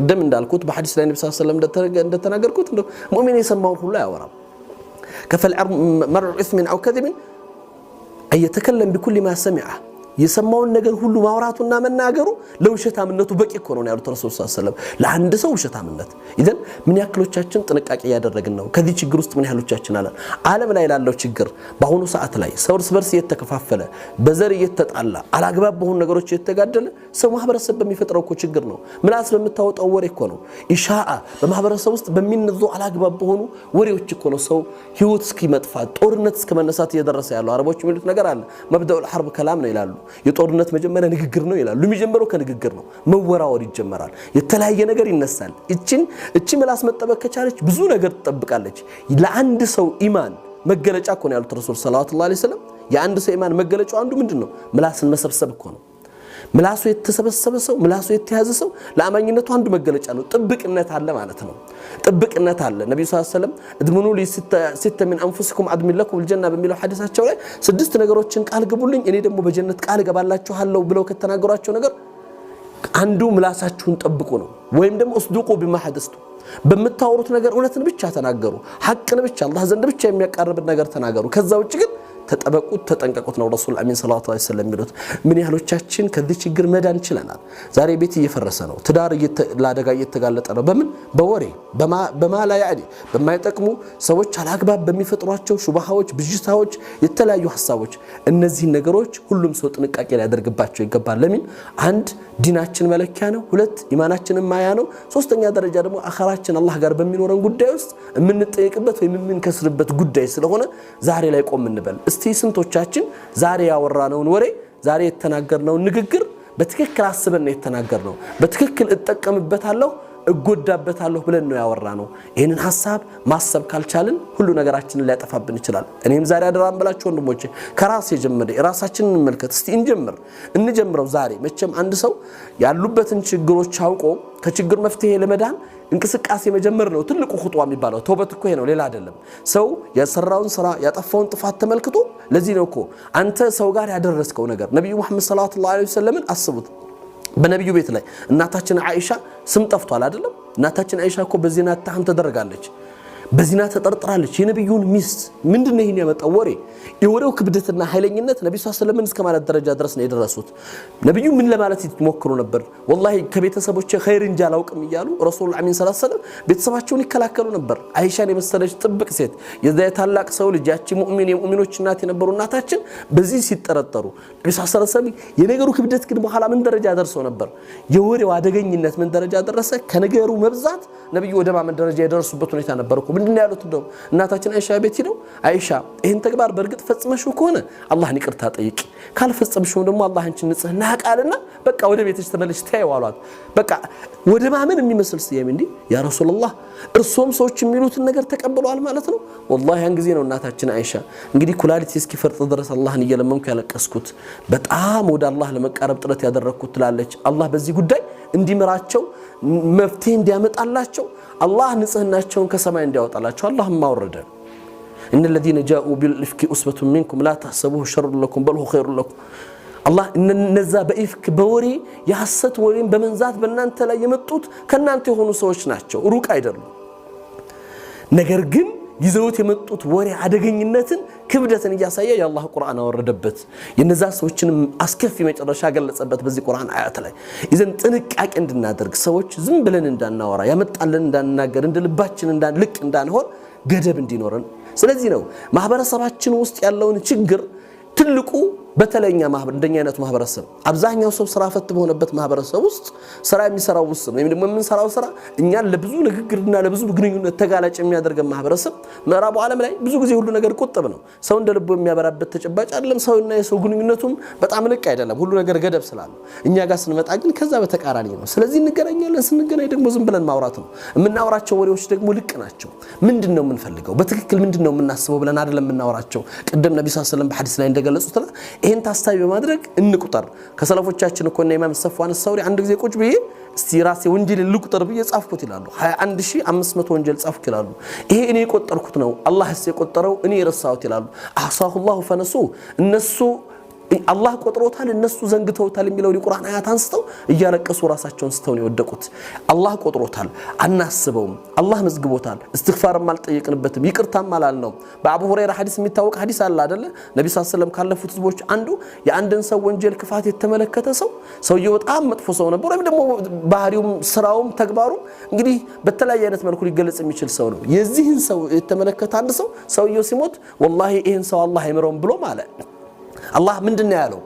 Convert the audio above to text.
ቅድም እንዳልኩት በሐዲስ ላይ ነብዩ ሰለላሁ ዐለይሂ ወሰለም እንደተናገርኩት እንደው ሙእሚን የሰማውን ሁሉ አያወራም። ከፈል መርዑ ኢስሚን አው ከዚብን አየተከለም ቢኩል ማ ሰሚዐ የሰማውን ነገር ሁሉ ማውራቱና መናገሩ ለውሸታምነቱ በቂ እኮ ነው ያሉት ረሱል ስ ሰለም ለአንድ ሰው ውሸታምነት ኢዘን ምን ያክሎቻችን ጥንቃቄ እያደረግን ነው? ከዚህ ችግር ውስጥ ምን ያህሎቻችን አለ? ዓለም ላይ ላለው ችግር በአሁኑ ሰዓት ላይ ሰው እርስ በርስ እየተከፋፈለ በዘር እየተጣላ አላግባብ በሆኑ ነገሮች እየተጋደለ ሰው ማህበረሰብ በሚፈጥረው እኮ ችግር ነው። ምላስ በምታወጣው ወሬ እኮ ነው። ኢሻአ በማህበረሰብ ውስጥ በሚነዙ አላግባብ በሆኑ ወሬዎች እኮ ነው ሰው ህይወት እስኪመጥፋት ጦርነት እስከመነሳት እየደረሰ ያለው። አረቦች የሚሉት ነገር አለ መብደኡል ሐርብ ከላም ነው ይላሉ የጦርነት መጀመሪያ ንግግር ነው ይላሉ። የሚጀምረው ከንግግር ነው። መወራወር ይጀመራል። የተለያየ ነገር ይነሳል። እችን እቺ ምላስ መጠበቅ ከቻለች ብዙ ነገር ትጠብቃለች። ለአንድ ሰው ኢማን መገለጫ እኮ ነው ያሉት ረሱል ሰለላሁ ዐለይሂ ወሰለም። የአንድ ሰው ኢማን መገለጫው አንዱ ምንድን ነው? ምላስን መሰብሰብ እኮ ነው። ምላሱ የተሰበሰበ ሰው፣ ምላሱ የተያዘ ሰው ለአማኝነቱ አንዱ መገለጫ ነው። ጥብቅነት አለ ማለት ነው። ጥብቅነት አለ። ነቢዩ ሰለም እድምኑ ሊ ሲተ ሚን አንፉሲኩም አድሚን ለኩም ልጀና በሚለው ሐዲሳቸው ላይ ስድስት ነገሮችን ቃል ግቡልኝ እኔ ደግሞ በጀነት ቃል እገባላችኋለሁ ብለው ከተናገሯቸው ነገር አንዱ ምላሳችሁን ጠብቁ ነው። ወይም ደግሞ እስዱቁ ቢማ በምታወሩት ነገር እውነትን ብቻ ተናገሩ። ሐቅን ብቻ አላህ ዘንድ ብቻ የሚያቃርብን ነገር ተናገሩ። ከዛ ውጭ ግን ተጠበቁት፣ ተጠንቀቁት ነው ረሱል አሚን ሰለላሁ ዐለይሂ ወሰለም የሚሉት። ምን ያህሎቻችን ከዚህ ችግር መዳን ችለናል? ዛሬ ቤት እየፈረሰ ነው፣ ትዳር ለአደጋ እየተጋለጠ ነው። በምን በወሬ በማላ ያዕኒ በማይጠቅሙ ሰዎች አላግባብ በሚፈጥሯቸው ሹባሃዎች፣ ብዥታዎች፣ የተለያዩ ሀሳቦች። እነዚህን ነገሮች ሁሉም ሰው ጥንቃቄ ሊያደርግባቸው ይገባል። ለሚን አንድ ዲናችን መለኪያ ነው፣ ሁለት ኢማናችንን ማያ ነው፣ ሶስተኛ ደረጃ ደግሞ አኸራችን አላህ ጋር በሚኖረን ጉዳይ ውስጥ የምንጠየቅበት ወይም የምንከስርበት ጉዳይ ስለሆነ ዛሬ ላይ ቆም እንበል። እስቲ ስንቶቻችን ዛሬ ያወራነውን ወሬ ዛሬ የተናገርነውን ንግግር በትክክል አስበን ነው የተናገርነው? በትክክል እጠቀምበታለሁ እጎዳበታለሁ ብለን ነው ነው። ይህንን ሀሳብ ማሰብ ካልቻልን ሁሉ ነገራችንን ሊያጠፋብን ይችላል። እኔም ዛሬ አደራን ብላችሁ ወንድሞቼ ከራስ የጀመረ የራሳችንን እንመልከት እስቲ እንጀምር፣ እንጀምረው ዛሬ። መቼም አንድ ሰው ያሉበትን ችግሮች አውቆ ከችግር መፍትሄ ለመዳን እንቅስቃሴ መጀመር ነው ትልቁ ኹጥዋ የሚባለው። ተውበት እኮ ነው፣ ሌላ አይደለም። ሰው የሰራውን ስራ ያጠፋውን ጥፋት ተመልክቶ ለዚህ ነው እኮ አንተ ሰው ጋር ያደረስከው ነገር። ነቢዩ መሐመድ ሰለላሁ ዐለይሂ ወሰለምን አስቡት። በነቢዩ ቤት ላይ እናታችን አይሻ ስም ጠፍቷል አይደለም? እናታችን አይሻ እኮ በዜና ታህም ተደረጋለች። በዚና ተጠርጥራለች። የነቢዩን ሚስት ምንድን ይህን ያመጣው ወሬ? የወሬው ክብደትና ኃይለኝነት ነቢ ስ ለምን እስከ ማለት ደረጃ ድረስ ነው የደረሱት። ነቢዩ ምን ለማለት ይሞክሩ ነበር? ወላሂ ከቤተሰቦች ኸይር እንጂ አላውቅም እያሉ ረሱሉ አሚን ስ ሰለም ቤተሰባቸውን ይከላከሉ ነበር። አይሻን የመሰለች ጥብቅ ሴት፣ የዛ የታላቅ ሰው ልጅ፣ ያቺ ሙእሚን የሙእሚኖች እናት የነበሩ እናታችን በዚህ ሲጠረጠሩ ነቢ ስ ሰለም የነገሩ ክብደት ግን በኋላ ምን ደረጃ ደርሰው ነበር? የወሬው አደገኝነት ምን ደረጃ ደረሰ? ከነገሩ መብዛት ነቢዩ ወደ ማመን ደረጃ የደረሱበት ሁኔታ ነበር። ምንድን ያሉት እንደው እናታችን አይሻ ቤት ሂደው አይሻ ይህን ተግባር በእርግጥ ፈጽመሽው ከሆነ አላህን ይቅርታ ጠይቂ፣ ካልፈጸምሽው ደግሞ አላህ አንቺን ንጽህና ያውቃልና በቃ ወደ ቤትሽ ተመለሽ ተያዩ አሏት። በቃ ወደ ማመን የሚመስል ስያሜ እንዲህ ያ ረሱላላህ እርሶም ሰዎች የሚሉትን ነገር ተቀብለዋል ማለት ነው። ወላሂ ያን ጊዜ ነው እናታችን አይሻ እንግዲህ ኩላሊት እስኪፈርጥ ድረስ አላህን እየለመንኩ ያለቀስኩት በጣም ወደ አላህ ለመቃረብ ጥረት ያደረግኩት ትላለች። አላህ በዚህ ጉዳይ እንዲምራቸው መፍትሄ እንዲያመጣላቸው አላህ ንጽህናቸውን ከሰማይ እንዲያወጣላቸው አላህም አወረደ። እነ ለዚነ ጃኡ ቢልኢፍኪ ኡስበቱ ሚንኩም ላ ተሕሰቡሁ ሸሩ ለኩም በልሁ ኸይሩ ለኩም። አላህ እነዛ በኢፍክ በወሬ የሐሰት ወሬን በመንዛት በእናንተ ላይ የመጡት ከእናንተ የሆኑ ሰዎች ናቸው፣ ሩቅ አይደሉም። ነገር ግን ይዘውት የመጡት ወሬ አደገኝነትን፣ ክብደትን እያሳየ የአላህ ቁርአን አወረደበት። የነዛ ሰዎችንም አስከፊ መጨረሻ ገለጸበት በዚህ ቁርአን አያት ላይ። ይዘን ጥንቃቄ እንድናደርግ ሰዎች ዝም ብለን እንዳናወራ ያመጣልን እንዳንናገር እንደ ልባችን ልቅ እንዳንሆን ገደብ እንዲኖረን። ስለዚህ ነው ማህበረሰባችን ውስጥ ያለውን ችግር ትልቁ በተለይኛ ማህበር እንደኛ አይነቱ ማህበረሰብ አብዛኛው ሰው ስራ ፈት በሆነበት ማህበረሰብ ውስጥ ስራ የሚሰራው ውስጥ ነው። ደግሞ የምንሰራው ስራ እኛን ለብዙ ንግግርና ለብዙ ግንኙነት ተጋላጭ የሚያደርገን ማህበረሰብ ምዕራቡ ዓለም ላይ ብዙ ጊዜ ሁሉ ነገር ቁጥብ ነው። ሰው እንደ ልቦ የሚያበራበት ተጨባጭ አይደለም። ሰውና የሰው ግንኙነቱም በጣም ልቅ አይደለም። ሁሉ ነገር ገደብ ስላለው እኛ ጋር ስንመጣ ግን ከዛ በተቃራኒ ነው። ስለዚህ እንገናኛለን። ስንገናኝ ደግሞ ዝም ብለን ማውራት ነው። የምናወራቸው ወሬዎች ደግሞ ልቅ ናቸው። ምንድን ነው የምንፈልገው? በትክክል ምንድን ነው የምናስበው ብለን አይደለም የምናወራቸው። ቅድም ነቢ ስ ስለም በሐዲስ ላይ እንደገለጹት ይህን ታሳቢ በማድረግ እንቁጠር። ከሰለፎቻችን እኮ ኢማም ሰፍዋን ሰውሪ አንድ ጊዜ ቁጭ ብዬ እስቲ ራሴ ወንጀል ልቁጠር ብዬ ጻፍኩት ይላሉ። 21500 ወንጀል ጻፍኩ ይላሉ። ይሄ እኔ የቆጠርኩት ነው፣ አላህስ የቆጠረው እኔ የረሳሁት ይላሉ። አህሳሁላሁ ፈነሱ እነሱ አላህ ቆጥሮታል፣ እነሱ ዘንግተውታል የሚለውን የቁርአን አያት አንስተው እያለቀሱ ራሳቸውን ስተው ነው የወደቁት። አላህ ቆጥሮታል፣ አናስበውም። አላህ መዝግቦታል። እስትግፋርም አልጠየቅንበትም፣ ይቅርታም አላልነውም። በአቡ ሁረይራ ሐዲስ የሚታወቅ ሐዲስ አለ አደለ? ነቢ ሰለም ካለፉት ህዝቦች አንዱ የአንድን ሰው ወንጀል ክፋት የተመለከተ ሰው ሰውየው በጣም መጥፎ ሰው ነበር፣ ወይም ደግሞ ባህሪውም ስራውም ተግባሩም እንግዲህ በተለያየ አይነት መልኩ ሊገለጽ የሚችል ሰው ነው። የዚህን ሰው የተመለከተ አንድ ሰው ሰውየው ሲሞት ወላሂ ይህን ሰው አላህ አይምረውም ብሎም አለ الله من دنيا له